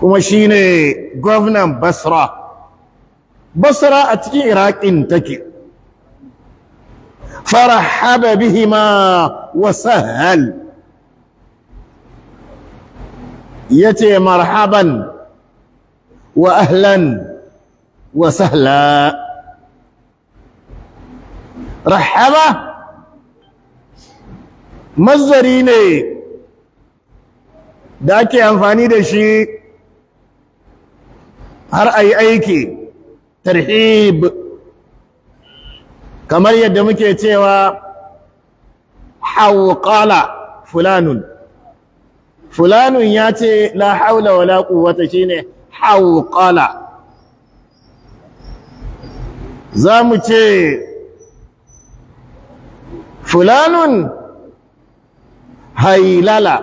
kuma shi ne gwamnan basra basra a cikin iraƙin take farahaba bihima wa sahal ya ce marhaban wa ahlan wa sahla rahaba mazari ne da ake amfani da shi har a yi aiki tarhib kamar yadda muke cewa hauƙala fulanun fulanun ya ce la haula wa la ƙuwata shi ne hauƙala za mu ce fulanun hailala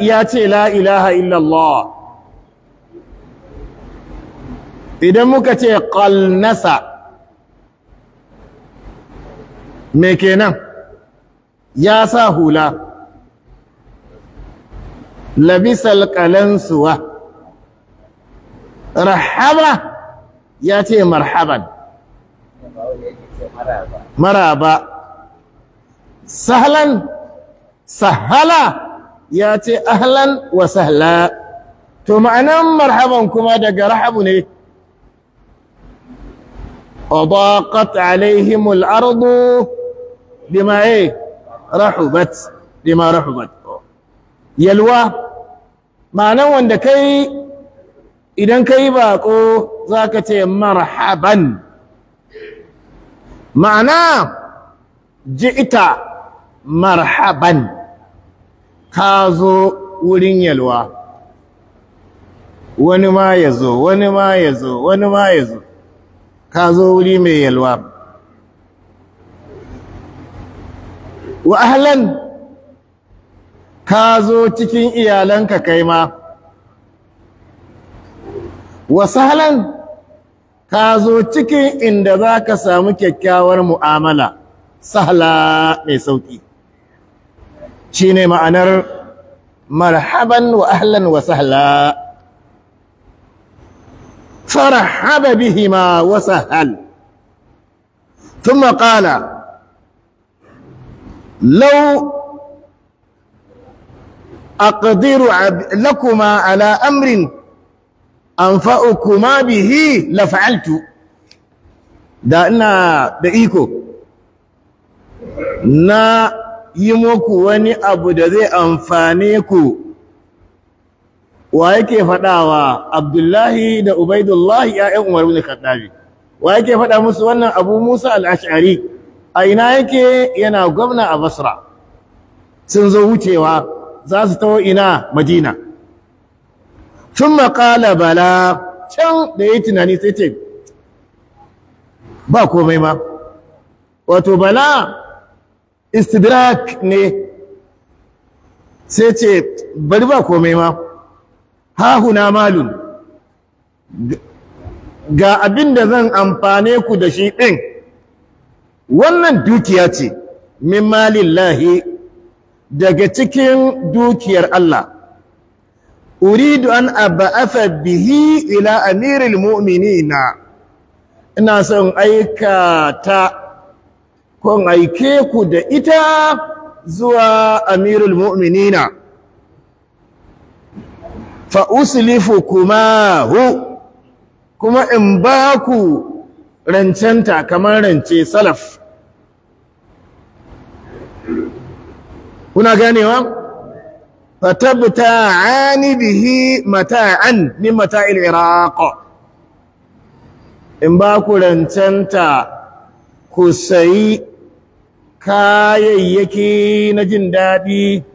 ya ce la ilaha illallah idan muka ce ƙalnasa me kenan ya sa hula labisal ƙalansuwa rahaba ya ce marhaban maraba sahlan sahala ya ce ahlan wa sahla to ma'anan marhaban kuma daga rahabu ne وضاقت عليهم الأرض بما إيه رحبت بما رحبت يلوى معنى وان كي إذن كي باكو ذاك مرحبا معنى جئت مرحبا كازو ولين يلوى wani ma ya zo wani ma ya zo wani ma ya zo ka zo wuri mai yalwa wa ahlan ka zo cikin iyalanka kai ma wa sahlan ka zo cikin inda za ka samu kyakkyawar mu'amala sahla mai sauƙi shi ne ma'anar marhaban wa ahlan wa sahla فرحب بهما وسهل ثم قال لو أقدر لكما على أمر أنفأكما به لفعلت da ina da iko na yi muku wani abu da zai amfane ku wa yake faɗawa abdullahi da ubaidullahi ya'yan umar bin khattabi wa yake faɗa musu wannan abu musa al-ash'ari a ina yake yana gwamna a basra sun zo wucewa za su taho ina madina thumma qala bala can da yayi tunani sai ce ba komai ma wato bala istidrak ne sai ce bari ba komai ma hahuna malun ga abin da zan amfane ku da shi ɗin wannan dukiya ce min malillahi daga cikin dukiyar Allah uridu an afa bihi ila amiril na ina son aika ta kun aike ku da ita zuwa amirul mu'minina fa kuma hu kuma in ba ku rancenta kamar rance salaf kuna ganewa ani bihi mata'an min mata'il iraq in ba ku rancenta ku sayi kayayyaki na jin daɗi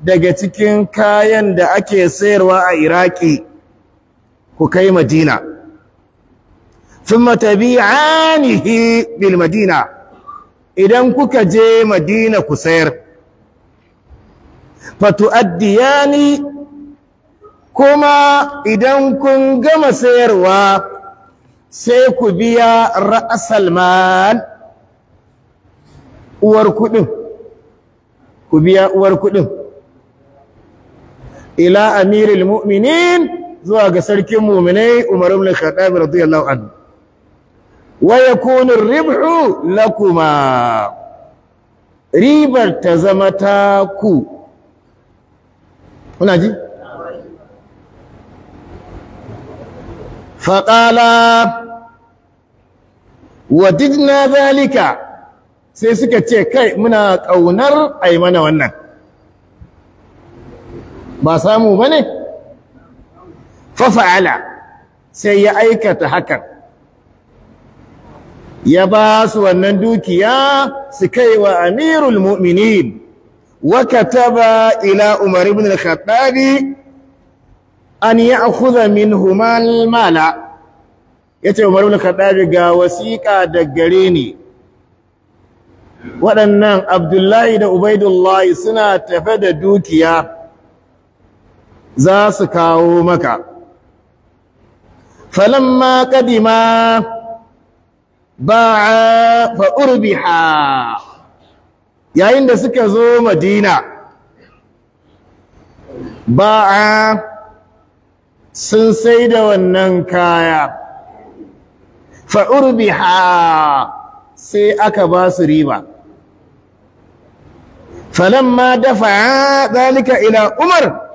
daga cikin kayan da ake sayarwa a iraki ku kai madina thumma tabi'anihi bil madina idan kuka je madina ku sayar fatu'addiyani kuma idan kun gama sayarwa sai ku biya ra'asal mal uwar kudin ku biya uwar kudin ila amiril mu'minin zuwa ga sarkin mu'minai Umar ibn Khattab radiyallahu anhu wa yakunu ar-ribhu lakuma ribar ta zama ta ku kuna ji faqala wadidna sai suka ce kai muna ƙaunar a yi mana wannan ba samu ba ne fafa'ala sai ya aikata hakan ya ba su wannan dukiya su kai wa amirul mu'minin wa kataba ila umar ibn al-khattabi an ya'khudha minhuma al-mala yace umar ibn al-khattabi ga wasiƙa da gare ni waɗannan abdullahi da ubaidullahi suna tafe da dukiya za su kawo maka falamma kadima ba'a fa yayin da suka zo madina ba'a sun sai da wannan kaya fa sai aka ba su riba ma dafa zalika ila umar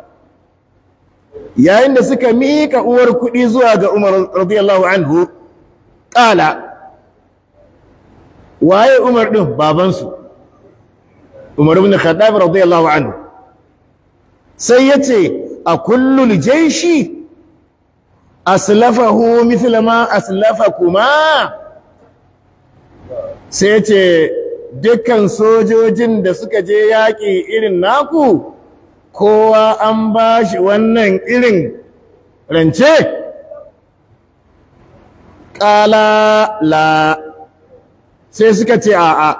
yayin da suka miƙa uwar kuɗi zuwa ga Umar radiyallahu anhu ƙala waye Umar ɗin babansu Umar ibn Khattab radiyallahu anhu sai yace a kullul jaishi aslafahu mithla ma aslafakuma sai yace dukkan sojojin da suka je yaƙi irin naku kowa an ba shi wannan irin rance ƙala la sai suka ce a'a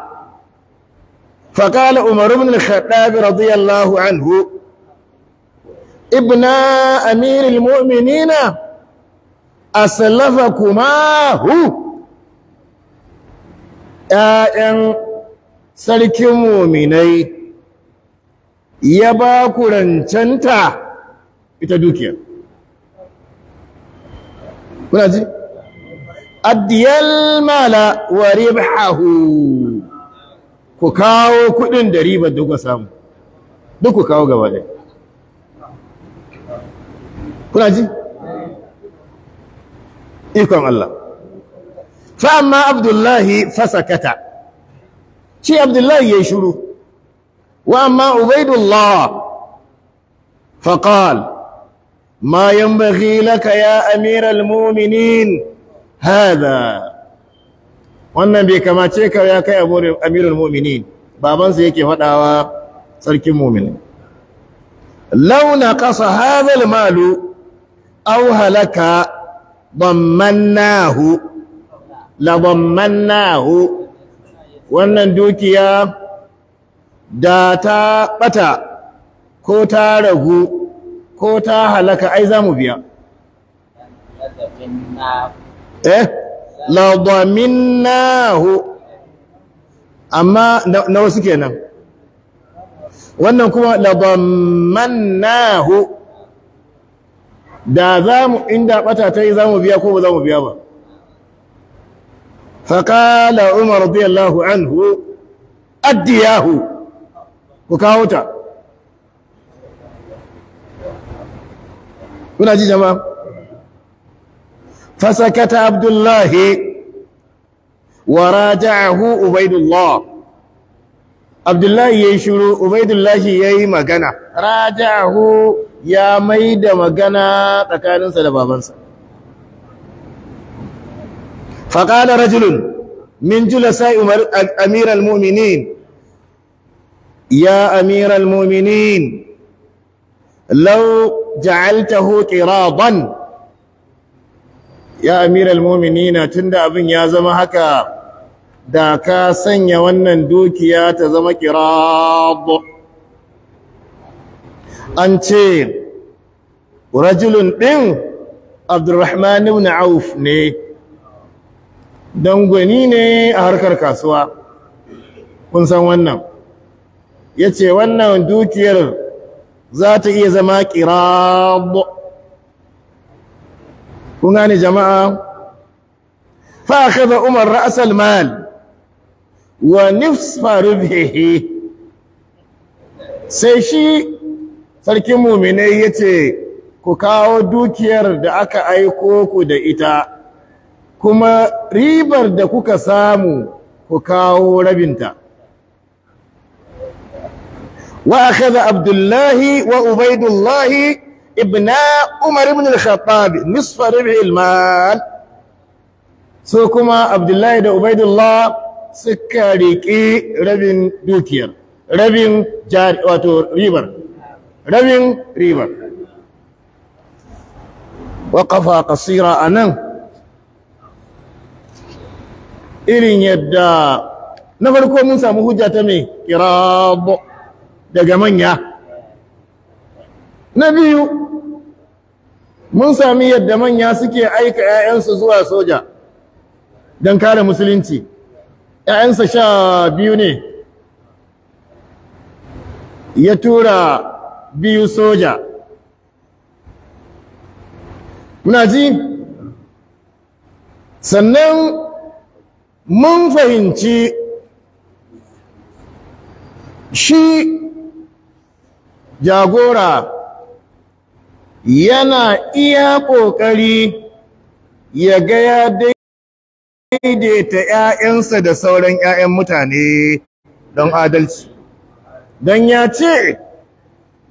faƙala umar ibn al-khattab radiyallahu anhu ibna amiril mu'minina aslafakuma hu ‘ya'yan sarkin muminai ya ba ku rancanta ita dukiya kuna ji addiyal mala wa ribahu ku kawo kudin da ribar duk ku samu duk ku kawo gaba ɗaya kuna ji ikon Allah fa amma abdullahi fasakata shi abdullahi ya yi shuru واما عبيد الله فقال ما ينبغي لك يا امير المؤمنين هذا wannan bai kamace ka ya kai abu mu'minin baban sa yake fadawa sarkin mu'minin launa qasa hadha almal aw halaka dammannahu wannan dukiya da ta bata ko ta ragu ko ta halaka ai za mu biya eh ladaminnahu amma na wasu kenan wannan kuma ladamannahu da za mu inda ɓata ta yi za mu biya ko ba za mu biya ba faƙala umar radiyallahu anhu addiyahu ku kawo ta kuna ji jama'a fasakata abdullahi wa raja'ahu ubaidullah abdullahi yayi shiru ubaidullahi yayi magana raja'ahu ya maida magana tsakaninsa da babansa faqala rajulun min julasa'i umar amiral mu'minin Ya أمير المؤمنين لو جعلته قراضا abin ya zama haka أبن da ka sanya wannan dukiya ta zama kirab an ce rajulun ɗin abdurrahman ibn auf ne gwani ne a harkar kasuwa kun san wannan ya ce wannan dukiyar za ta iya zama ƙirabu kun gane jama'a fa umar ra'asal mal wa nifsa sai shi sarkin muminai ya ce ku kawo dukiyar da aka aiko ku da ita kuma ribar da kuka samu ku kawo rabinta وأخذ عبد الله وعبيد الله ابن عمر بن الخطاب نصف ربع المال سوكما عبد الله ده عبيد الله سكاريكي ربن دوكير ربن جار واتو ريبر ربن ريبر وقفا قصيرا أنا إلين يدى نفرقوا من سامو حجة مي كراب daga manya na biyu mun sami yadda manya suke aika 'ya'yansu zuwa soja don kare musulunci 'ya'yansa sha biyu ne ya tura biyu soja muna ji sannan mun fahimci shi jagora yana iya ƙoƙari ya ga ya daidaita ‘ya'yansa da sauran ‘ya'yan mutane don adalci. Don ya ce,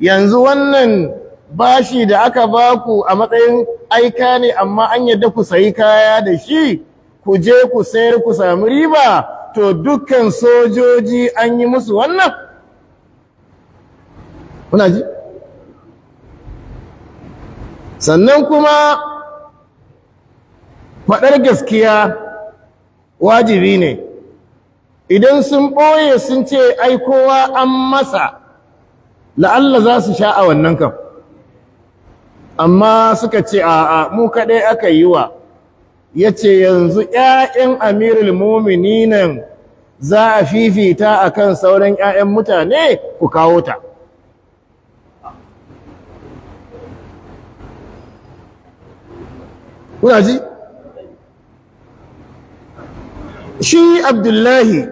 yanzu wannan bashi da aka baku a matsayin aika ne amma an yadda ku sayi kaya da shi, ku je ku sayar ku sami riba, to dukkan sojoji an yi musu wannan? kuna ji sannan kuma faɗar gaskiya wajibi ne idan sun ɓoye sun ce ai an masa la'alla za su sha a wannan kan amma suka ce a'a mu kaɗai aka yi wa ya ce yanzu 'ya'yan amirul mominin za a fifita akan sauran 'ya'yan mutane ku kawo ta kuna ji shi abdullahi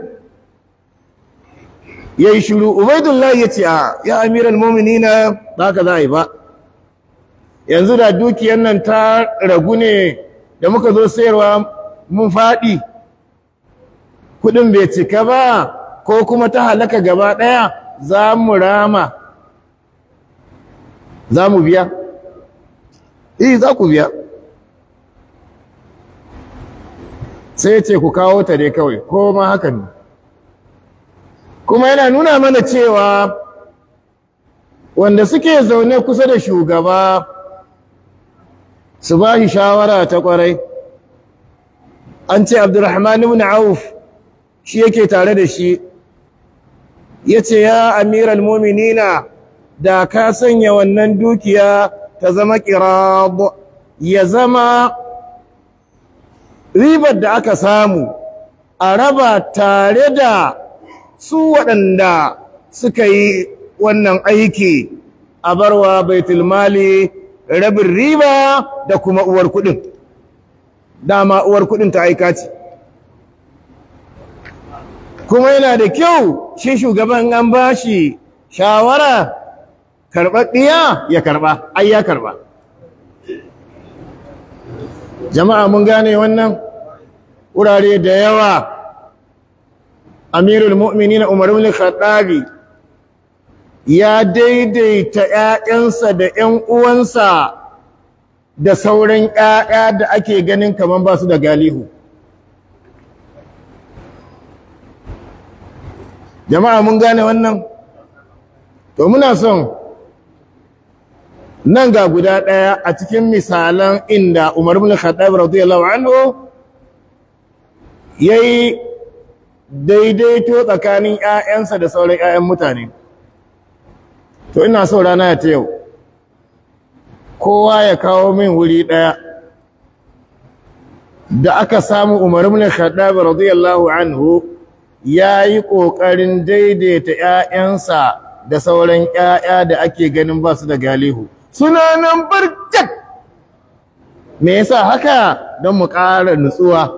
ya yi shiru ubaidullahi ya ce a ah, ya momini na ba ka za a yi ba yanzu da dukiyan nan ta ragu ne da muka zo sayarwa mun faɗi kudin bai cika ba ko kuma ta halaka gaba ɗaya za mu rama za mu biya? iya eh, za ku biya sai ce ku kawo ta dai kawai ko ma haka ne kuma yana nuna mana cewa wanda suke zaune kusa da shugaba su ba shi shawara ta kwarai an ce abdurrahman ibn auf shi yake tare da shi ya ce ya amiral muminina da ka sanya wannan dukiya ta zama kirabu, ya zama ribar da aka samu a raba tare da su waɗanda suka yi wannan aiki a barwa bai baitulmali rabin riba da kuma uwar kuɗin dama uwar kuɗin ta aika ce kuma yana da kyau shi shugaban an bashi shawara karɓaɗɗiya ya karɓa ai ya karɓa jama'a mun gane wannan wurare da yawa amirul mu'minin umar ibn khattabi ya daidaita ƴaƴansa da ƴan uwansa da sauran ƴaƴa da ake ganin kaman basu su da galihu jama'a mun gane wannan to muna son nan ga guda ɗaya a cikin misalan inda Umar ibn Khattab radiyallahu anhu yayi daidaito tsakanin ƴaƴansa da sauran ƴaƴan mutane to ina so rana ya ta yau kowa ya kawo min wuri ɗaya da aka samu Umar ibn Khattab radiyallahu anhu yayi kokarin daidaita ƴaƴansa da sauran ƴaƴa da ake ganin ba su da galihu suna nan barkat me yasa haka don mu ƙara nutsuwa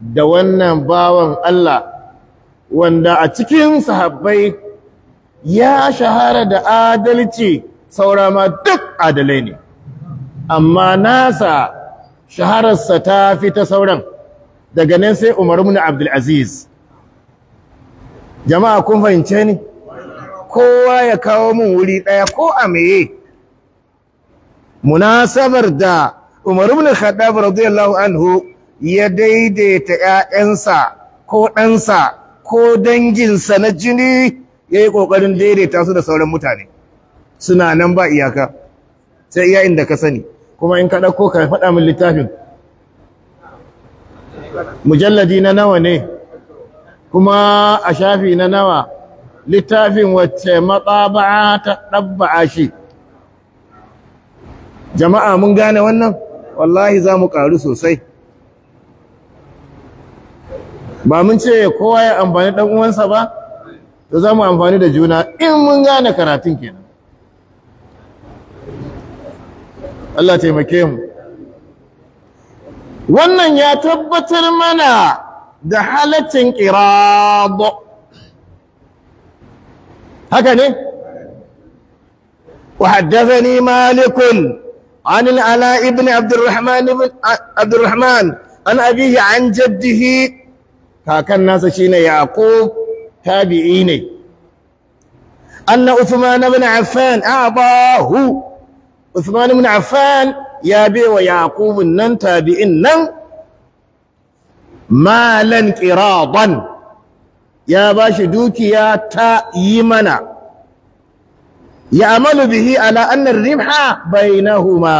da wannan bawan Allah wanda a cikin sahabbai ya shahara da adalci saura ma duk adalai ne amma nasa shahararsa ta fi ta sauran daga nan sai Umar ibn Abdul Aziz jama'a kun fahimce ni kowa ya kawo mun wuri ɗaya ko a meye munasabar da Umar ibn Khattab radiyallahu anhu ya daidaita ƴaƴansa ko ɗansa ko danginsa na jini yayi kokarin daidaita su da sauran mutane suna nan ba iyaka sai iya inda ka sani kuma in ka dauko ka faɗa min littafin mujalladi na nawa ne kuma a shafi na nawa littafin wacce matsaba ta ɗabba'a shi jama'a mun gane wannan wallahi za mu ƙaru sosai ba mun ce kowa ya amfani ɗanuwansa uwansa ba to za mu amfani da juna in mun gane karatun kenan Allah taimake mu wannan ya tabbatar mana da halaccin ƙirado haka ne وحدثني malikun عن العلاء بن عبد الرحمن بن عبد الرحمن عن أبيه عن جده كاكن ناس شين يعقوب تابعيني أن عثمان بن عفان أعطاه عثمان بن عفان يا بي ويعقوب نن تابعين نن مالا قراضا يا باش دوكيا تا يمنا ya'malu bihi ala anna ar-ribha bainahuma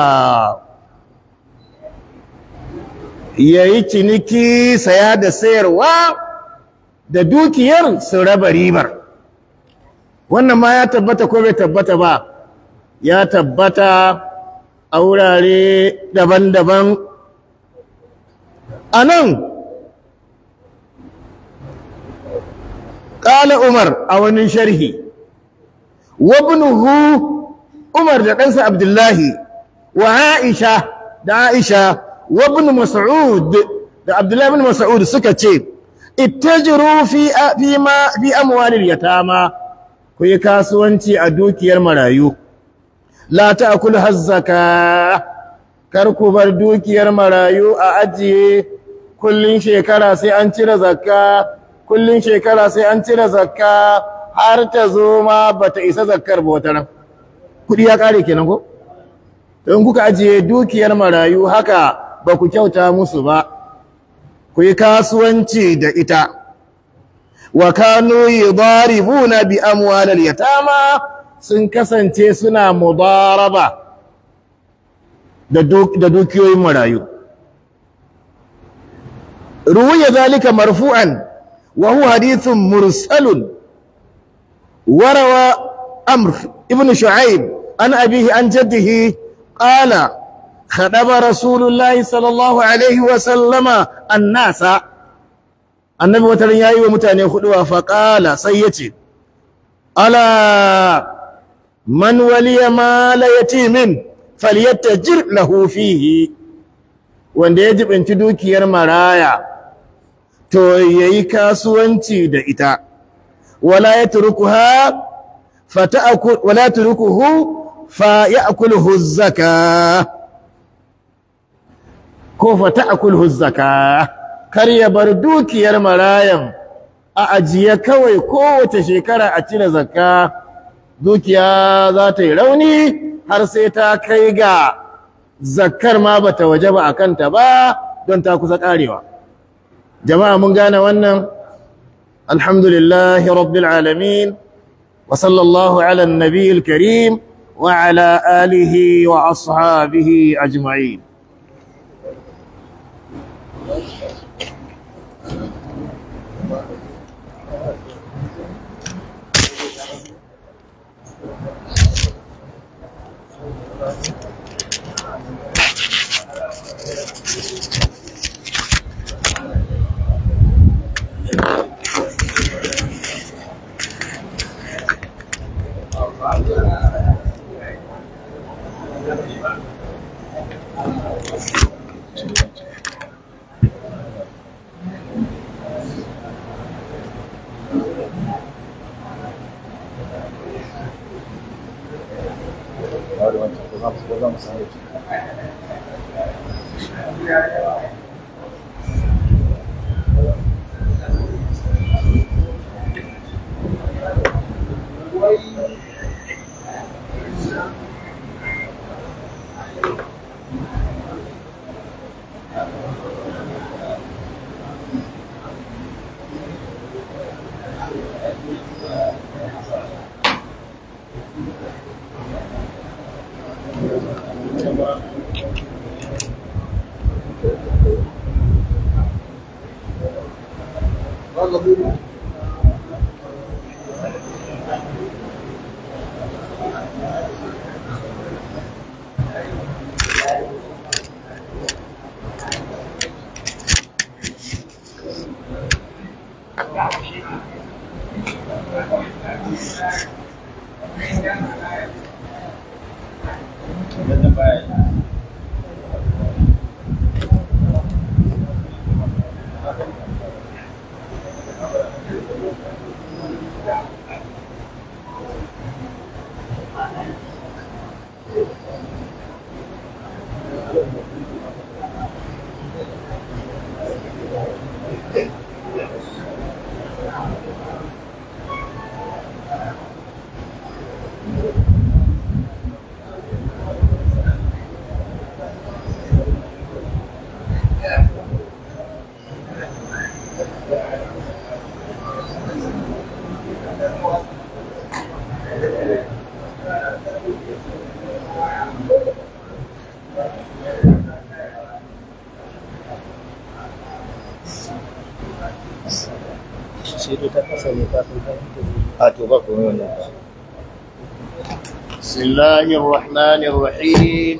yayi ciniki saya da sayarwa da dukiyar su raba ribar wannan ma ya tabbata ko bai tabbata ba ya tabbata a wurare daban-daban a nan ƙala umar a wani sharhi wa Umar da ɗansa Abdullahi wa Aisha da Aisha wa ibn Mas'ud da Abdullahi ibn Mas'ud suka ce ita fi fi ma fi ku yi kasuwanci a dukiyar marayu la ta'kul hazzaka kar ku bar dukiyar marayu a ajiye kullun shekara sai an cire zaka. har ta zo ma bata isa zakkar ba wata kuɗi ya kare kenan ko don kuka ajiye dukiyar marayu haka ba ku kyauta musu ba ku yi kasuwanci da ita wa kanu yudaribuna bi amwalil yatama sun kasance suna mudaraba da dukiyoyin marayu ruwaya zalika marfu'an wa huwa hadithun mursalun وروى أمر ابن شعيب عن أبيه عن جده قال خطب رسول الله صلى الله عليه وسلم الناس النبي وترن ياي ومتاني خدوا فقال سيتي ألا من ولي مال يتيم فليتجر له فيه wanda ya jibinci dukiyar maraya to yayi kasuwanci da ita wala yatrukuha fata'kul wala yatrukuhu fa ya'kuluhu zaka ko fata'kuluhu zaka kar ya bar dukiyar marayan a ajiye kawai kowace shekara a cire zaka, dukiya za ta yi rauni har sai ta kai ga zakkar ma bata waje ba a kanta ba don ta kusa ƙarewa. jama'a mun gane wannan الحمد لله رب العالمين وصلى الله على النبي الكريم وعلى آله وأصحابه أجمعين Allah بسم الله الرحمن الرحيم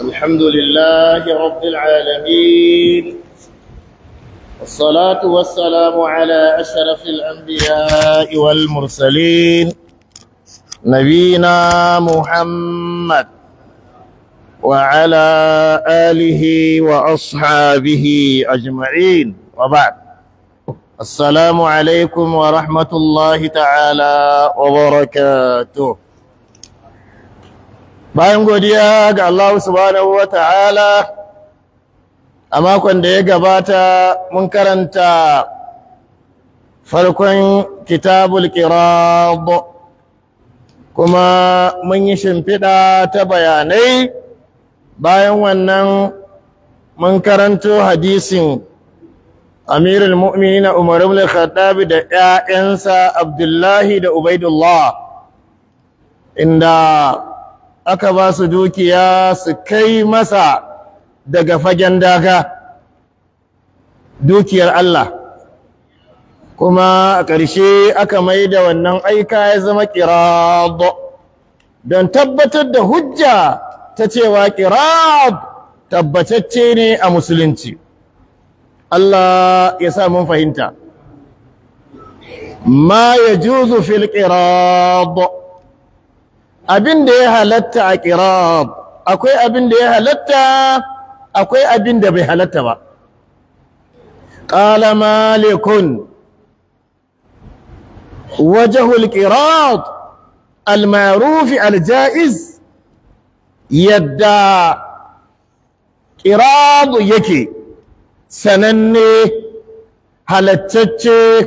الحمد لله رب العالمين والصلاة والسلام على أشرف الأنبياء والمرسلين نبينا محمد وعلى آله وأصحابه أجمعين وبعد السلام عليكم ورحمة الله تعالى وبركاته bayan godiya ga Allah subhanahu wa ta'ala a makon da ya gabata mun karanta farkon kitabul qirab kuma mun yi shimfiɗa ta bayanai bayan wannan mun karanto hadisin amirul mu'minin Umar ibn Khattab da 'ya'yansa Abdullahi da Ubaidullah inda aka ba su dukiya su kai masa daga fagen daga dukiyar Allah kuma a ƙarshe aka mai da wannan aika ya zama ƙirab don tabbatar da hujja ta cewa ƙirab tabbatacce ne a musulunci الله يسامون فهمتا ما يجوز في الكراض أبن ديها لتا كراض أكوي أبن ديها لتا أكوي أبن ديها لتا قال مالك وجه الكراض المعروف الجائز يدى كراض يكي sananne halattacce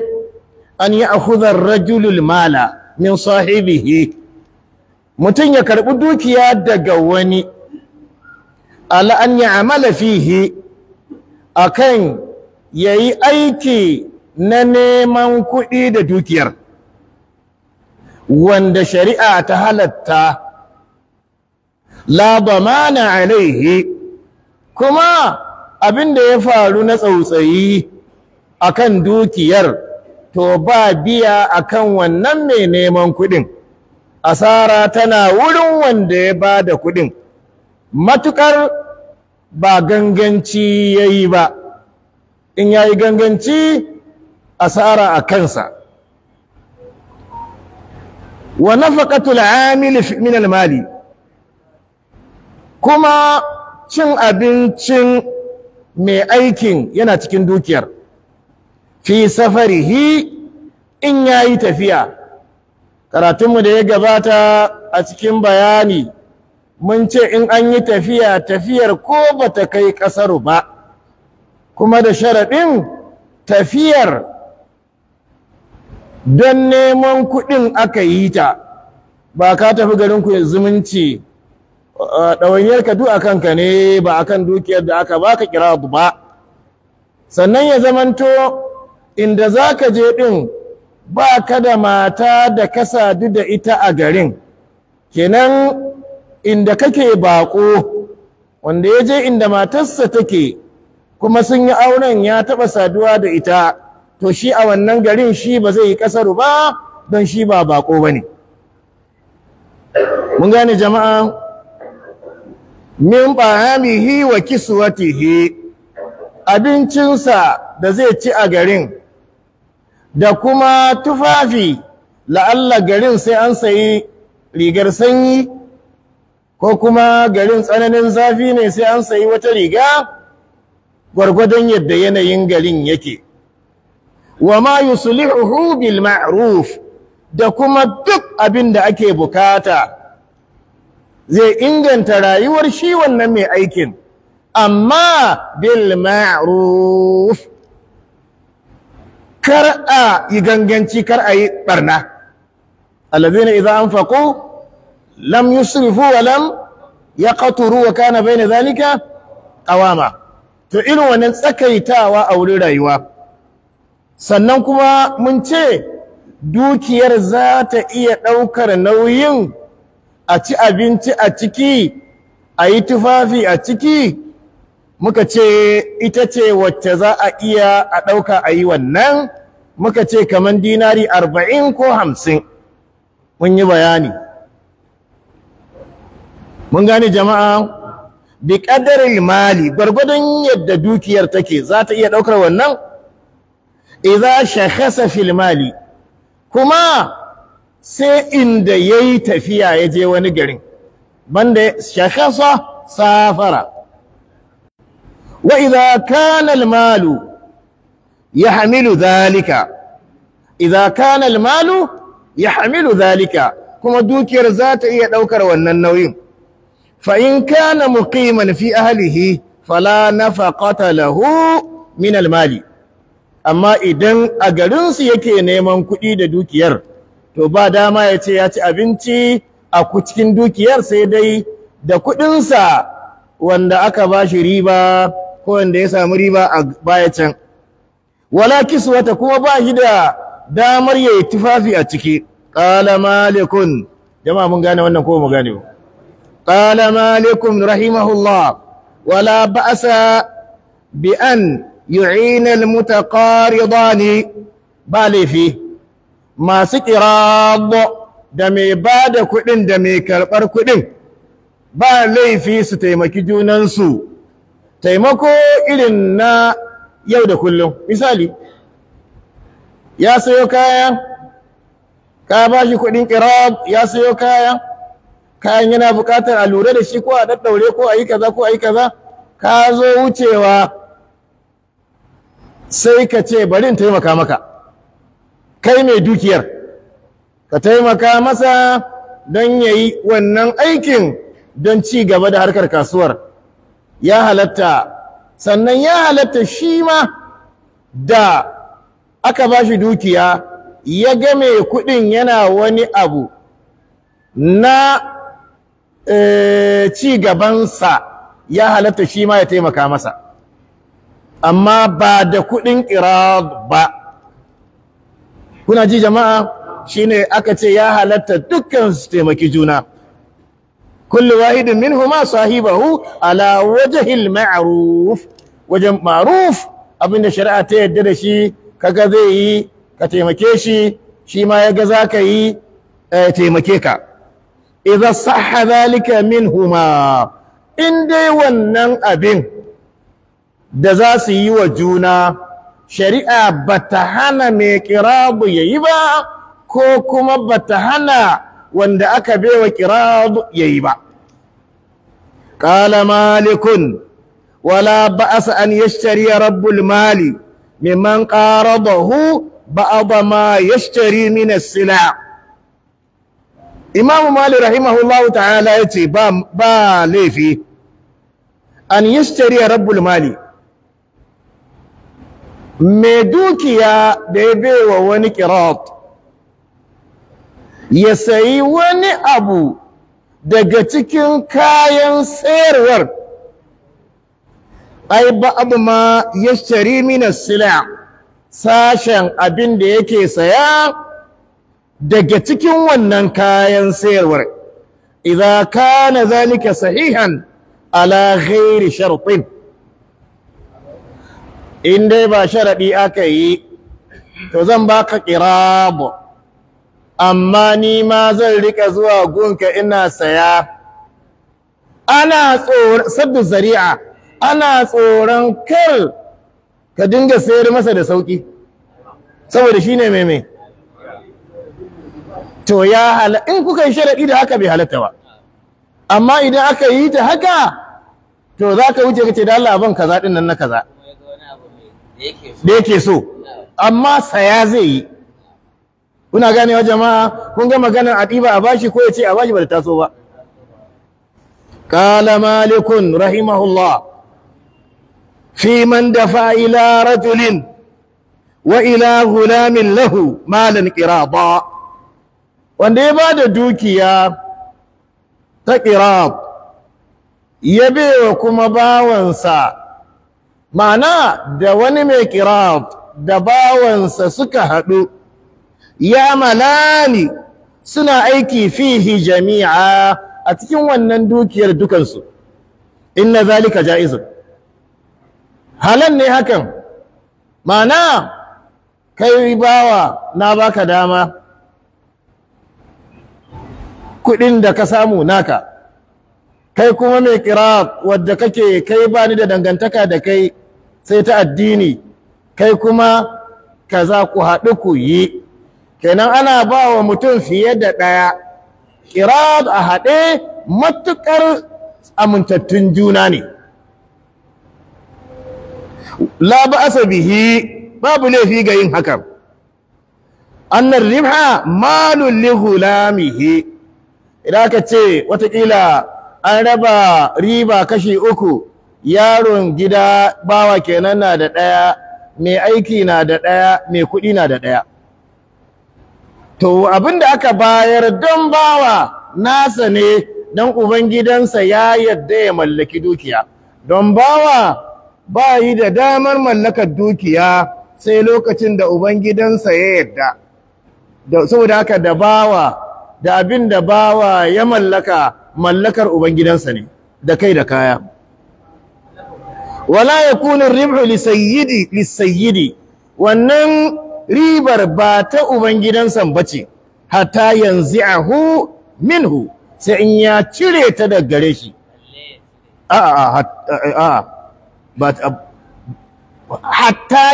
an yi ahudar rajulul mala min sahibihi mutum ya karɓi dukiya daga wani an yi amala fihi a kan ya yi aiki na neman kuɗi da dukiyar wanda shari'a ta halatta la mana alaihi kuma abin da ya faru na tsautsayi kan dukiyar to ba biya a kan wannan mai neman kuɗin asara tana wurin wanda ya ba da kuɗin matuƙar ba ganganci ya yi ba in ya yi ganganci asara a kansa wa nafaqatul amil min mali kuma cin abincin mai aikin yana cikin dukiyar fi safarihi in ya yi tafiya karatunmu da ya gabata a cikin bayani mun ce in an yi tafiya tafiyar ko ba ta kai ƙasar ba kuma da sharaɗin tafiyar don neman kuɗin aka yi ta ba ka tafi garin ku zumunci ɗawainiyar ka duk a ka ne ba kan dukiyar da aka ba ka kira ba sannan ya zamanto inda za ka je ɗin ba ka da mata da ka sadu da ita a garin kenan inda kake baƙo wanda ya je inda matarsa take kuma sun yi auren ya taɓa saduwa da ita to shi a wannan garin shi ba zai yi ƙasaru ba don shi ba baƙo ba ne mun gane jama'a min ba'amihi wa kiswatihi abincinsa da zai ci a garin da kuma tufafi la'alla garin sai an sayi rigar sanyi ko kuma garin tsananin zafi ne sai an sayi wata riga gwargwadon yadda yanayin garin yake wa ma yusulihu bil ma'ruf da kuma duk abin da ake bukata zai inganta rayuwar shi wannan mai aikin amma bil ma'ruf kar a yi ganganci kar a yi barna allazina idza anfaqu lam yusrifu wa lam yaqturu wa kana bayna zalika qawama to irin wannan tsakaitawa a wurin rayuwa sannan kuma mun ce dukiyar za ta iya ɗaukar nauyin a ci abinci a ciki a yi tufafi a ciki muka ce ita ce wacce za a iya a ɗauka a yi wannan muka ce kamar dinari arba'in ko hamsin mun yi bayani mun gane jama'a bi ƙadarin mali gwargwadon yadda dukiyar take za ta iya ɗaukar wannan iza shahasa fil mali kuma sai inda ya yi tafiya ya je wani garin banda shakasa safara wa idha kana almalu yahmilu zalika idha kana almalu yahmilu dhalika kuma dukiyar za ta iya ɗaukar wannan nauyin fa in kana muqiman fi ahlihi fala nafaqata lahu min almali amma idan a garinsu yake neman kuɗi da dukiyar to ba dama ya ce ya ci abinci a cikin dukiyar sai dai da kuɗinsa wanda aka ba shi riba ko wanda ya samu riba a baya can wala kiswata kuma ba shi da damar ya yi tufafi a ciki ƙala malikun jama'a mun gane wannan ko mu gane ba ƙala malikun rahimahullah wala ba'asa bi an yu'ina al-mutaqaridani ba laifi masu ƙirado da mai ba da kuɗin da mai karɓar kuɗin ba laifi su taimaki junansu taimako irin na yau da kullum misali ya sayo kaya ka ba shi kuɗin ƙirad ya sayo kaya kayan yana buƙatar a lura da shi ko a ɗaɗɗaure ko a yi kaza ko a yi kaza ka zo wucewa sai ka ce bari in taimaka maka kai mai dukiyar ka taimaka masa don ya yi wannan aikin don ci gaba da harkar kasuwar ya halatta sannan ya halatta shi ma da aka ba shi dukiya ya game kudin yana wani abu na eh, ci gabansa ya halatta shi ma ya taimaka masa amma ba da kudin irad ba kuna ji jama'a shine aka ce ya halatta dukkan su taimaki juna kullu wahidin minhuma sahibahu ala wajhil ma'ruf wajen ma'ruf da shari'a ta yadda da shi kaga zai yi ka taimake shi shi ma ya ga za ka yi eh, taimake ka idza sahha zalika minhuma in dai wannan abin da za su yi wa juna shari'a bata hana mai ƙirabu ya yi ba ko kuma bata hana wanda aka bewa ƙirabu ya yi ba ƙala malikun wala ba'asa an yashtariya rabbul mali mimman qaradahu ba'da ma ya min as-sila Imam Malik rahimahullahu ta'ala yace ba ba laifi an shari'a rabbul mali mai dukiya da ya wa wani kirat ya sayi wani abu daga cikin kayan sayarwar ai ba abu ma ya shari minas sila sashen abin da yake saya daga cikin wannan kayan sayarwar Iza kana zalika sahihan ala ghairi shartin in dai ba sharaɗi aka yi to zan baka ƙirabu amma ni ma zan rika zuwa gunka ina saya ana tsoron saddu zari'a ana tsoron kar ka dinga sayar masa da sauki saboda shine mai mai to ya hala in kuka yi sharaɗi da haka bai halatta ba amma idan aka yi ta haka to za ka wuce kace da Allah abin kaza ɗin nan na kaza da yake so amma saya zai yi kuna ganewa jama'a kun ga maganar a ɗiba a bashi ko ya ce a bashi ba da taso ba kala malikun rahimahullah fi man dafa ila rajulin wa ila gulamin lahu malan qirada wanda ya ba da dukiya ta ƙira. ya bewa kuma bawansa ma'ana da wani mai kirat da bawansa suka haɗu ya malani suna aiki fihi jami'a a cikin wannan dukiyar dukansu in inna zalika ja'izun halan ne hakan ma'ana kai bawa na baka dama kudin da ka samu naka kai kuma mai kira wadda kake kai ba ni da dangantaka da kai sai ta addini kai kuma ka za ku haɗu ku yi kenan ana ba wa mutum fiye da ɗaya kira a haɗe matuƙar amintattun juna ne la asabihi babu laifi ga yin hakan annar ribha malun hulamihi idan ka ce watakila an raba riba kashi uku yaron gida bawa kenan na da ɗaya mai aiki na da ɗaya mai kuɗi na da ɗaya to abin da aka bayar don bawa nasa ne don ubangidansa ya yadda ya mallaki dukiya don bawa ba yi da damar mallakar dukiya sai lokacin da ubangidansa ya yadda saboda haka da bawa da abin da bawa ya mallaka mallakar ubangidansa ne da kai da kaya wala ya ar-ribhu lissayyidi wannan ribar ba ta ubangidansa bace hatta min minhu sai in ya cire ta da gare shi a a'a a hatta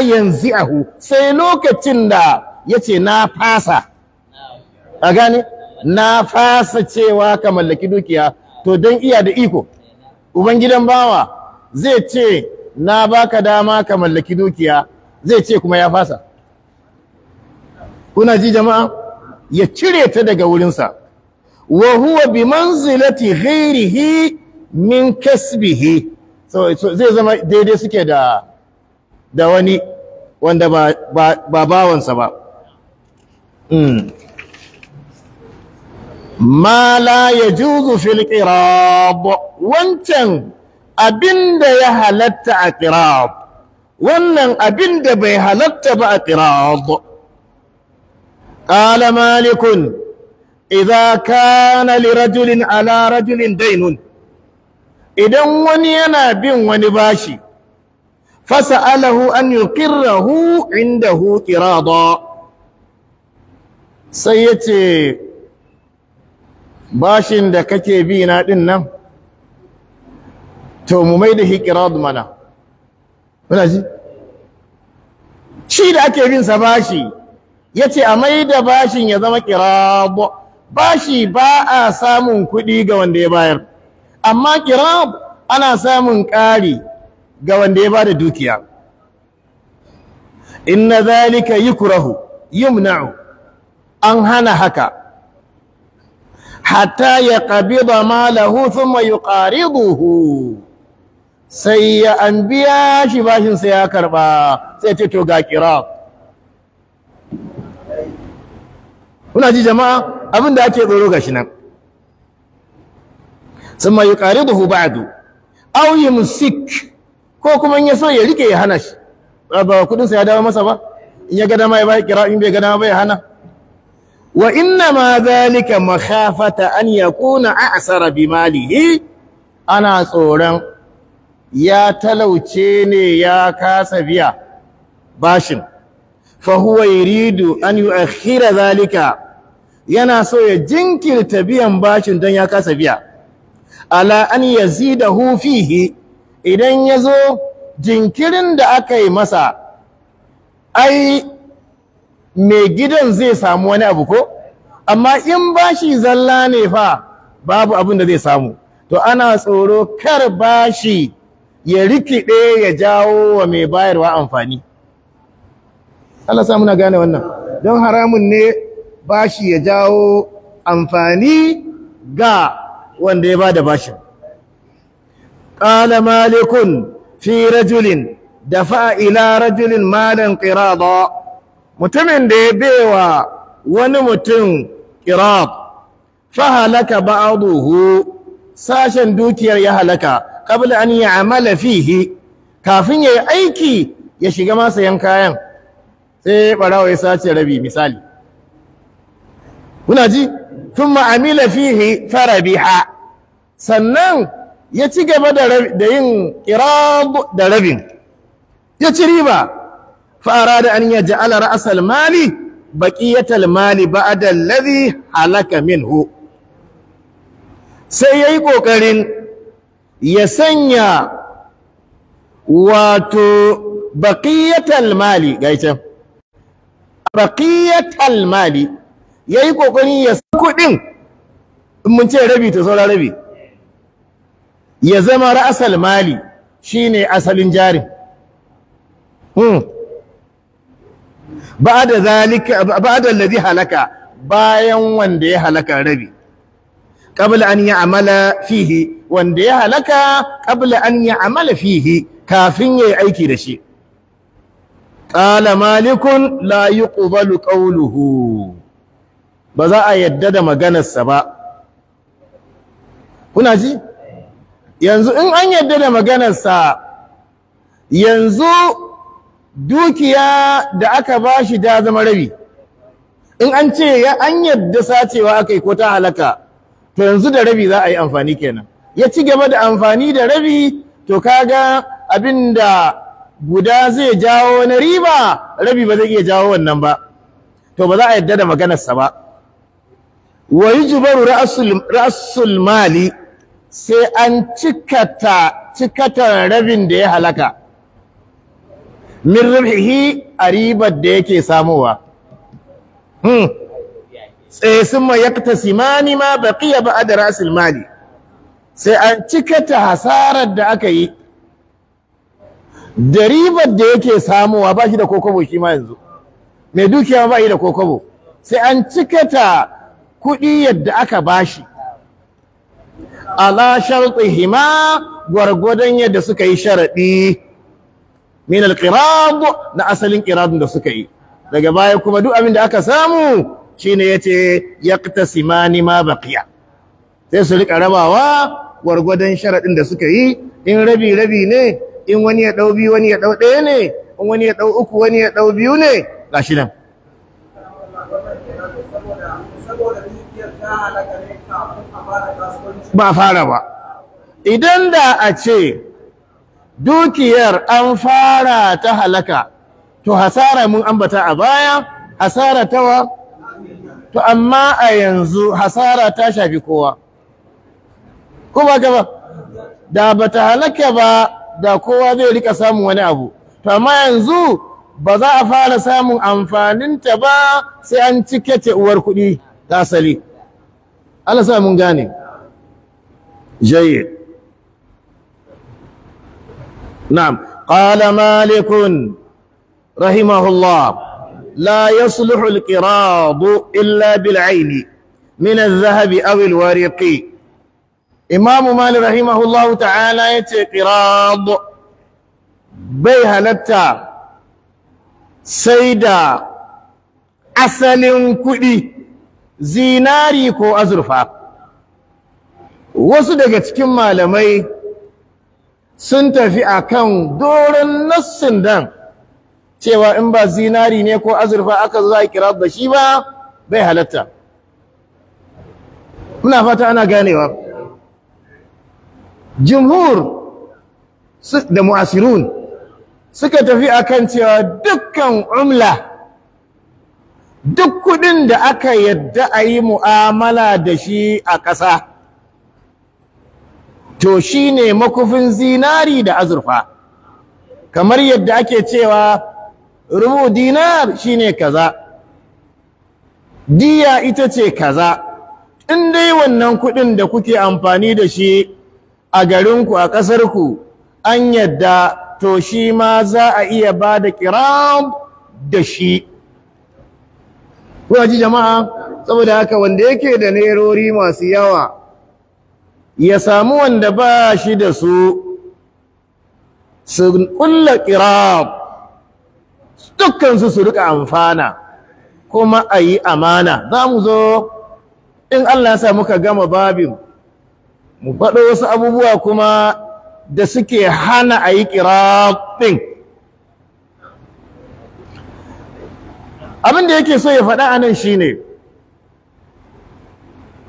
sai lokacin da yace na fasa a gane na fasa cewa ka mallaki dukiya to don iya da iko ubangidan bawa zai ce na baka dama ka mallaki dukiya zai ce kuma ya fasa kuna ji jama'a ya cire ta daga wurinsa wa huwa bi manzilati ghairihi min kasbihi so, zai zama daidai suke da da wani wanda ba ba bawansa ba, hmm. ma la juzu fil Wancan, abin abinda ya halatta a qirab wannan da bai halatta ba a qirab Ƙala malikun idza kana li rajulin ala idan wani yana bin wani bashi fasa'alahu an yuqirrahu hu qirada sai yace bashin da kake bi na din nan to mu mai da mana kuna ji shi da ake bin sa bashi yace a mai da bashin ya zama kirabo, bashi ba a samun kuɗi ga wanda ya bayar amma kirab ana samun ƙari ga wanda ya bada dukiya inna zalika yukrahu yumna an hana haka hatta ya qabida malahu thumma yuqariduhu sai ya an biya shi bashin sai ya karba sai ce to ga kira kuna ji jama'a abin da ake tsoro gashi nan thumma yuqariduhu ba'du aw yumsik ko kuma in ya so ya rike ya hana shi ba kudin ya dawo masa ba in ya ga dama ya bai kira in bai ga dama bai hana wa inna ma zalika makhafata an yakuna a'sara bi malihi ana tsoron ya talauce ne ya kasa biya bashin fa huwa yuridu an zalika yana so ya jinkirta biyan bashin don ya kasa biya ala an yazidahu fihi idan yazo jinkirin da aka yi masa ai mai gidan zai samu wani abu ko amma in ba shi zalla ne fa babu abin da zai samu to ana tsoro kar ba shi ya rikide ya jawo wa mai bayarwa amfani Allah sa muna gane wannan don haramun ne bashi ya jawo amfani ga wanda ya bada bashin qala malikun fi rajulin dafa ila rajulin malan qirada mutumin da ya baiwa wani mutum ƙirab halaka ba'aduhu sashen dukiyar ya halaka kabla an yi amala fihi kafin ya yi aiki ya shiga masa yan kayan sai barawo ya sace rabi misali kuna ji tun amila fihi farabiha sannan ya ci gaba da yin ƙirab da rabin ya ci riba fara da an yaj'ala ra'sal mali baqiyatal mali ba'da alladhi halaka minhu sai yayi kokarin ya sanya wato baqiyatal mali gaita baqiyatal mali yayi kokarin ya kuɗin, mun ce rabi to saura rabi ya zama ra'sal mali shine asalin jari. ba'da zalika ba'da allazi halaka bayan wanda ya halaka rabi qabla an ya'mala fihi wanda ya halaka qabla an ya'mala fihi kafin yayi aiki da shi qala malikun la yuqbalu qawluhu ba za a yadda da maganarsa ba kuna ji yanzu in an yadda da maganarsa yanzu dukiya da aka ba shi ta zama rabi in an ce ya an yadda sacewa aka yi ko ta halaka to yanzu da rabi za a yi amfani kenan ya ci gaba da amfani da rabi to kaga abin da guda zai jawo na riba rabi ba zai iya jawo wannan ba to ba za a yadda da maganarsa ba wa yujbaru ra'sul mali sai an cikata cikatan rabin da ya halaka min ribhihi a ribar da yake samowa hmm sai eh, sun ma yaktasimani ma baqiya da rasul mali sai an cika ta hasarar da aka yi da ribar da yake samowa ba shi da kokobo shi ma yanzu mai dukiya ba shi da kokobo sai an cika ta kuɗi yadda aka bashi ala hima gwargwadon yadda suka yi sharaɗi min alqirad na asalin qiradun da suka yi daga baya kuma duk abin da aka samu shine yace yaqtasimani ma baqiya sai su rika rabawa gwargwadon sharadin da suka yi in rabi rabi ne in wani ya dau biyu wani ya dau ɗaya ne in wani ya dau uku wani ya dau biyu ne gashi nan ba fara ba idan da a ce dukiyar an fara ta halaka to hasara mun ambata a baya hasara tawa to amma a yanzu hasara ta shafi kowa kuma gaba da bata halaka ba da kowa zai rika samun wani abu to amma yanzu ba za a fara samun amfaninta ba sai an cike uwar kuɗi ta asali Allah sa mun gane jayyid نعم قال مالك رحمه الله لا يصلح القراض إلا بالعين من الذهب أو الورق إمام مالك رحمه الله تعالى يتي قراض بيها لتا سيدا أسل كدي zinari ko azurfa wasu daga cikin malamai sun tafi a kan doron nassin dan cewa in ba zinari ne ko azurfa aka zo a kira da shi ba bai halatta muna fata ana ganewa jumhur da mu'asirun suka tafi a kan cewa dukkan umla duk kudin da aka yadda a yi mu'amala da shi a ƙasa to shine makufin zinari da azurfa kamar yadda ake cewa rubu dinar shine kaza diya ita ce kaza in dai wannan kuɗin da kuke amfani da shi a garinku a ƙasarku an yadda to shi ma za a iya ba da kiram da shi kuna ji jama'a saboda haka wanda yake da nerori masu yawa ya samu wanda ba shi da su su kulla ƙira dukkansu su rika amfana kuma a yi amana za mu zo in Allah ya samu ka gama babin mu faɗo wasu abubuwa kuma da suke hana a yi ƙira ɗin abinda yake so ya faɗa anan nan shi ne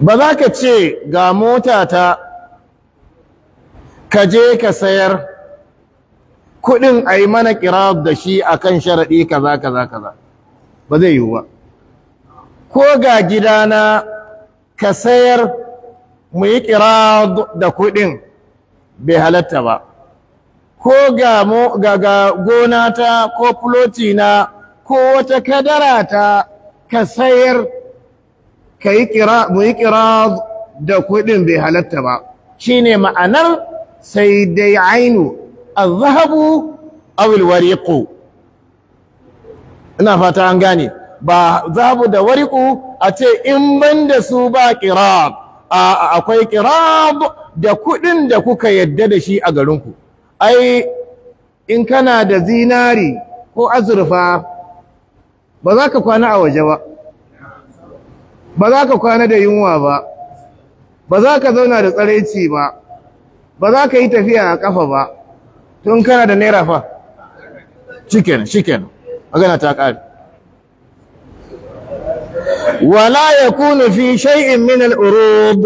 ba za ka ce ga motata ka je ka sayar kudin a mana kira da shi a kan sharaɗi kaza kaza kaza ba zai yiwu ba ko ga gidana ka sayar mu yi kira da kudin bai halatta ba ko ga gona ta ko fuloti na ko wata kadara ta ka sayar ka yi kira mu yi kira da kuɗin bai halatta ba shine ma'anar sai dai ainu al-zahabu aw ina fata an gane ba zahabu da wariqu a ce in ban da su ba kira akwai kira da kuɗin da kuka yadda da shi a garinku ai in kana da zinari ko azurfa ba za ka kwana a waje ba ba za ka kwana da yunwa ba ba za ka zauna da tsaraici ba ba za ka yi tafiya a ƙafa ba tun kana da naira fa Chicken, chicken. magana ta kare wala yakunu fi shay'in min al-urub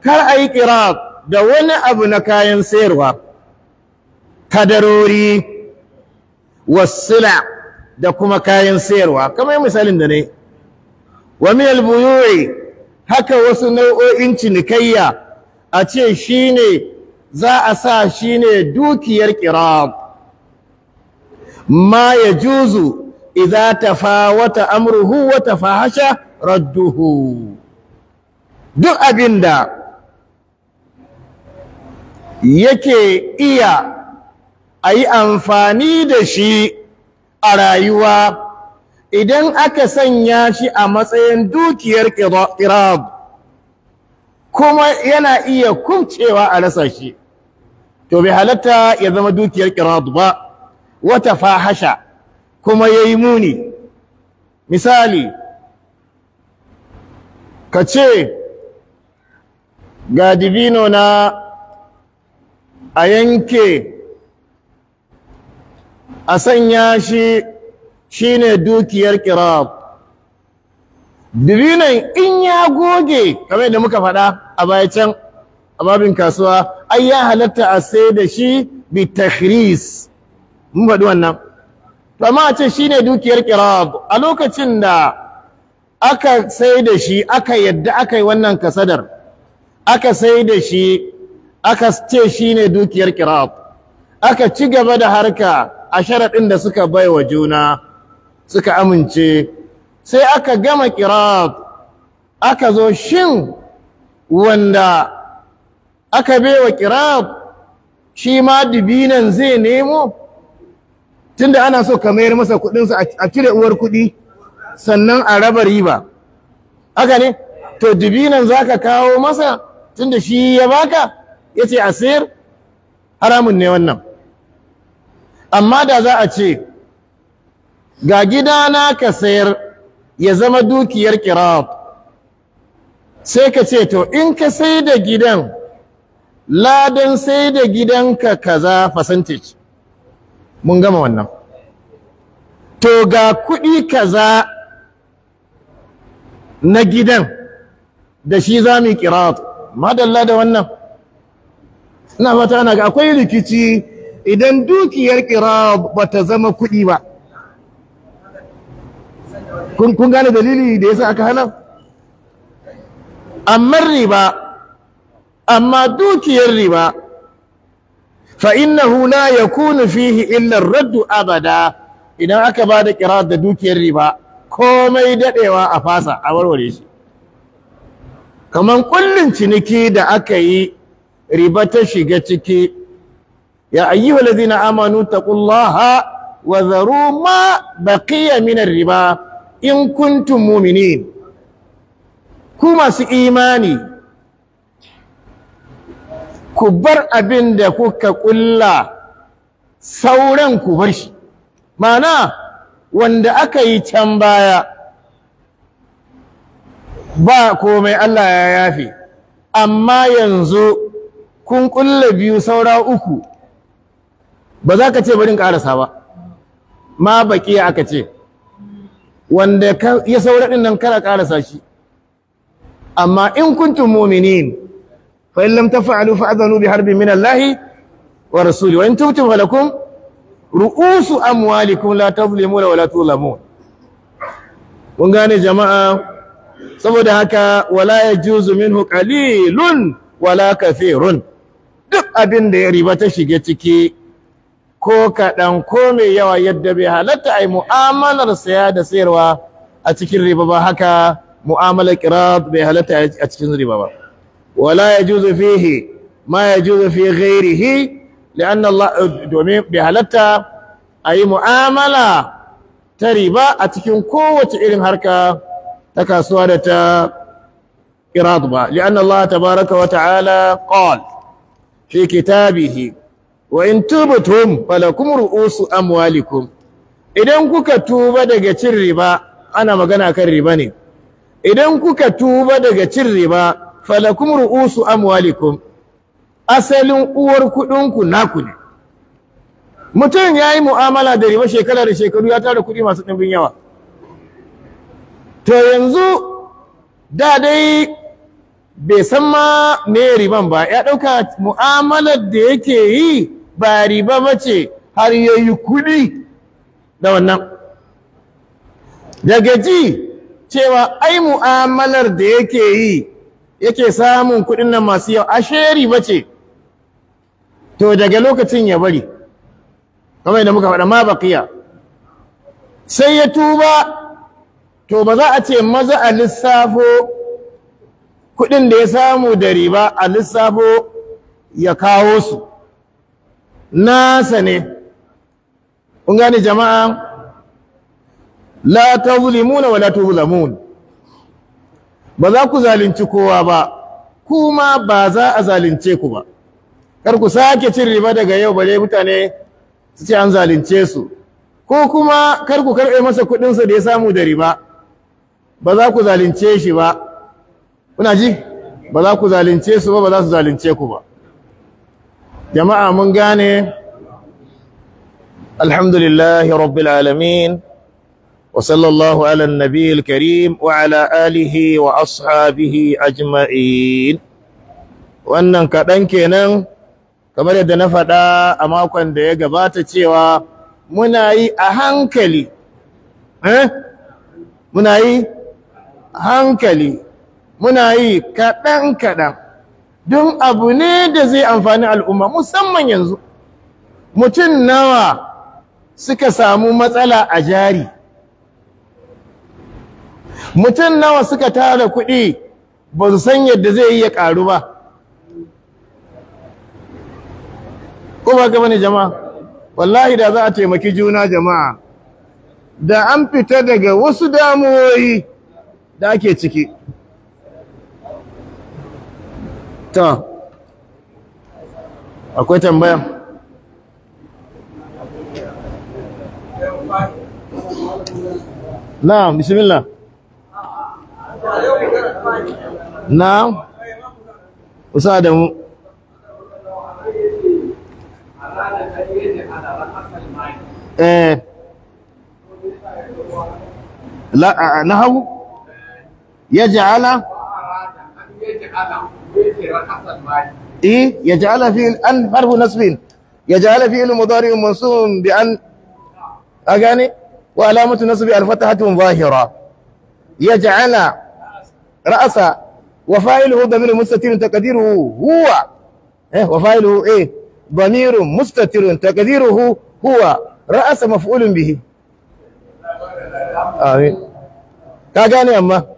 kar ayi qirab da wani abu na kayan sayarwa kadarori wasila da kuma kayan sayarwa kamar misalin da ne wa min albuyu'i haka wasu nau'o'in cinikayya a ce shine za a sa shine dukiyar qirab ma ya juzu idza tafawata amruhu wa tafahasha radduhu duk abinda yake iya ayi amfani da shi a rayuwa idan aka sanya shi a matsayin dukiyar ƙirab kuma yana iya kumcewa a rasa shi to bai halatta ya zama dukiyar ƙirab ba wata fahasha kuma ya yi muni misali ka ce ga dibino na a yanke a sanya shi shine dukiyar qirab dibinan in ya goge kamar da muka faɗa a baya can a babin kasuwa ai ya halatta a sai da shi bi takhris mun faɗi wannan to amma a ce shine dukiyar kirab a lokacin da aka sai da shi aka yadda aka yi wannan kasadar aka sai da shi aka ce shine dukiyar qirab aka ci gaba da harka a sharaɗin da suka bai wa juna suka amince sai aka gama kira aka zo shin wanda aka baiwa kira shi ma dibinan zai nemo tunda ana so ka mayar masa kudinsa a cire uwar kuɗi sannan a raba riba haka ne to dibinan za ka kawo masa tunda shi ya baka ya ce asir haramun ne wannan amma da za a ce ga gida na ka sayar ya zama dukiyar kirat sai ka ce to in ka sai da gidan ladan sai da gidanka kaza percentage mun gama wannan to ga kuɗi kaza na gidan da shi za mu yi kirat madalla da wannan ina fata na ga akwai rikici idan dukiyar kirab ba ta zama kuɗi ba kun gane dalili da sa aka hana amma riba amma dukiyar riba fa innahu ya kuna fihi illar raddu abada idan aka ba da kira da dukiyar riba komai daɗewa a fasa a warware shi kaman kullum ciniki da aka yi riba ta shiga ciki ya ayyuhallazina amanu taqullaha wa dharu ma baqiya min riba in kuntum mu'minin ku masu imani ku bar abin da kuka kulla sauran ku bar shi mana wanda aka yi can baya ba komai Allah ya yafe amma yanzu kun kulla biyu saura uku ba za ka ce barin ƙarasa ba ma baƙi aka ce wanda ya saura din nan kara ƙarasa shi amma in kuntum mu'minin fa in lam taf'alu fa'dhanu bi harbin min Allah wa rasuli wa in tubtum falakum ru'usu amwalikum la tazlimuna wa la tuzlamun kun gane jama'a saboda haka wala yajuzu minhu qalilun wala kathirun duk abin da ya riba ta shige ciki ko kaɗan ko mai yawa yadda bai halatta a yi mu'amalar saya da sayarwa a cikin riba ba haka mu'amalar kirat bai halatta a cikin riba ba wala ya juzu fihi ma ya juzu fi ghairihi Allah domin bai halatta a yi mu'amala ta riba a cikin kowace irin harka ta kasuwa da ta ba li'anna Allah tabaraka wa ta'ala qala fi kitabihi wa in tubtum falakum ru'usu amwalikum idan kuka tuba daga cin riba ana magana kan riba ne idan kuka tuba daga cin riba falakum ru'usu amwalikum asalin uwar kudinku naku ne mutum yayi mu'amala da riba shekara da shekaru ya tara kudi masu dimbin yawa to yanzu da dai bai san ma me riban ba ya dauka mu'amalar da yake yi ba riba bace har yayi kuɗi da wannan daga ji cewa ai mu'amalar da yake yi yake samun kuɗin nan masu yau ashe riba ce to daga lokacin ya bari kamar yadda muka faɗa ma baqiya sai ya tuba to ba za a ce maza a lissafo kuɗin da ya samu da riba a lissafo ya kawo su nasa ne kun gani jama'a la tazlimuna wa la tuzlamun ba za ku zalunci kowa ba kuma ba za a zalunce ku ba kar ku sake cin riba daga yau bare mutane su ce an zalunce su ko kuma kar ku karɓe masa sa da ya samu da riba ba za ku zalunce shi ba kuna ji ba za ku zalunce su ba ba za su zalunce ku ba jama'a mun gane alhamdulillah rabbil alamin wa sallallahu ala nabiyil karim wa ala alihi wa ashabihi ajma'in wannan kaɗan kenan kamar yadda na faɗa a makon da ya gabata cewa muna yi a hankali eh muna yi hankali muna yi kaɗan kaɗan don abu ne da zai amfani al'umma musamman yanzu mutum nawa suka samu matsala a jari mutum nawa suka tara kuɗi ba su san yadda zai iya ƙaru ba ko ba gaba ne jama'a wallahi da za a taimaki juna jama'a da an fita daga wasu damuwoyi da ake ciki ta akwai tambaya na bismillah na usa da mu eh la ah, ah, nahawu yaj'ala yaj'ala إيه يجعل فيه أن حرف نصب يجعل فيه المضارع منصوب بأن أغاني وعلامة نصب الفتحة ظاهرة يجعل رأس وفاعله ضمير مستتر تقديره هو إيه وفاعله إيه ضمير مستتر تقديره هو رأس مفعول به آمين كاغاني أما